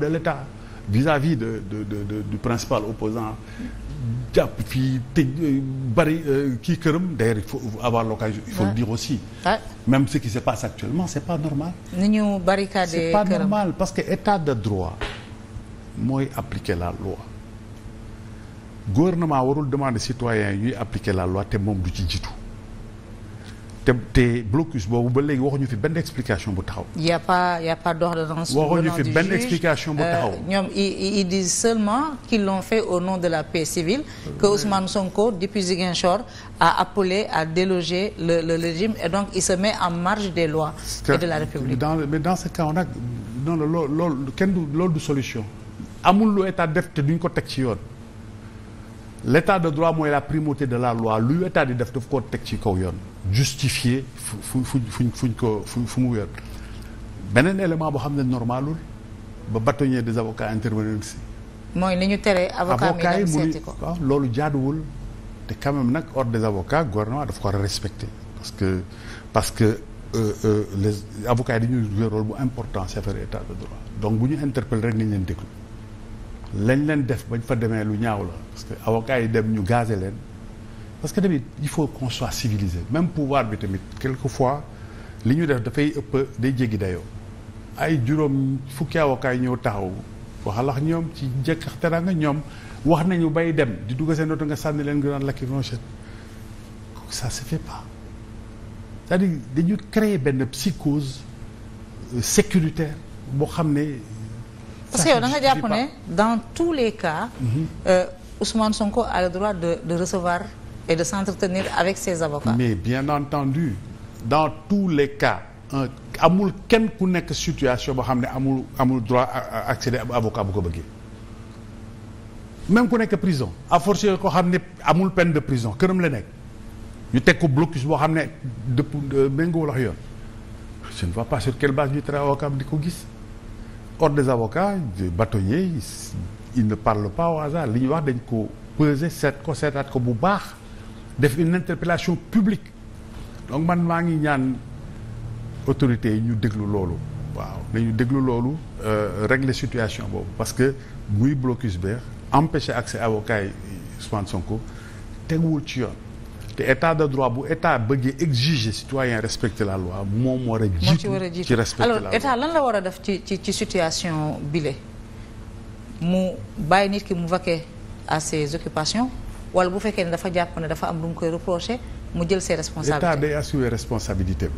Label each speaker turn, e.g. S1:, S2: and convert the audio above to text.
S1: de l'État vis-à-vis de, de, de de du principal opposant jàpp fii tëj euh, bari euh, kii këram d'ailleurs il faut avoir l'occasion il faut ouais. dire aussi ouais. même ce qui se passe actuellement c'est pas normal
S2: ni ñu barricade c'est pas normal
S1: parce que état de droit mooy appliquer la loi gouvernement warul demande citoyens yuy appliquer la loi te moom du ci jiitu te te blocus boobu ba léegi waxuñu fi benn explication bu taxaw.
S2: y' a pas y' a pas d' ordonnance. waxuñu fi euh, ñoom ils disent seulement qu' ils l'ont fait au nom de la paix civile. que euh, Ousmane Sonko depuis Ziguinchor a appelé à déloger le le régime et donc il se met en marge des lois. et de la République
S1: dans mais dans ce cas nag non non loolu loolu kenn du loolu solution. amul lu état def te ñu ko teg ci yoon. l' état de droit mooy la primauté de la loi lu état di def daf koo teg ci kaw yoon. justifier fu fu fuñ fuñ ko fu mu wér beneen élément boo xam ne normalul ba bâtonnier des avocats intervenir si.
S2: mooy li ñu tere avocat mi dem seeti ko
S1: loolu jaaduwul te quand nag ordre des avocats gouvernement daf ko war a respecter parce que parce que euh, euh les avocats yi dañuy jouer bu important ci affaire état de droit donc bu ñu interpeller rek nañ leen déglu lañ leen def bañ fa demee lu ñaaw la parce que avocats yi dem ñu gazé leen. parce que tamit il faut qu'on soit même pouvoir bi tamit fois li ñu def dafay ëpp day jéggi dayoo ay juróom fukki avocat ñëw taxaw waxalax ñoom ci jëkk teraanga ñoom wax nañu bay dem di dugg seen oto nga sànni leen grenade lacrymogène ça se fait pas c'est-à-dire dañu créer benn psychose euh, sécuritaire boo xam ne.
S2: parce que yow da jàpp ne dans tous les cas. Mm -hmm. euh, Ousmane Sonko a le droit de recevoir. et de s'entretenir avec ses avocats.
S1: mais bien entendu dans tous les cas amul kenn ku nekk situation boo xam ne amul amul droit accéder à avocat bu ko bëggee même ku nekk prison à force ko xam ne amul peine de prison këram la nekk ñu teg ko blocus boo xam ne dëpp euh, méngoowul ak yoon je ne vois pas sur quelle base ñu tere avocat di ko gis hors des avocats des bâtonniers ne parlent pas au li ñuy wax dañ ko peser seet ko seetaat ko bu baax. def une interpellation publique donc man maa ngi ñaan autorités yi ñu déglu loolu waaw nañu déglu loolu euh, régler situation boobu parce que muy blocus beex empêcher accès avocat yi Ousmane teg wul ci yoon te état de droit bu état bëggee exiger citoyen respecter la loi moom war a jiitu ci respecter la loi alors état
S2: lan la war a def ci ci ci situation bile mu bàyyi nit ki mu vaquer à ses occupations wala bu fekkee ne dafa jàpp ne dafa am lu mu koy reproché mu jël ses responsabilités. L'État day
S1: assumer responsabilité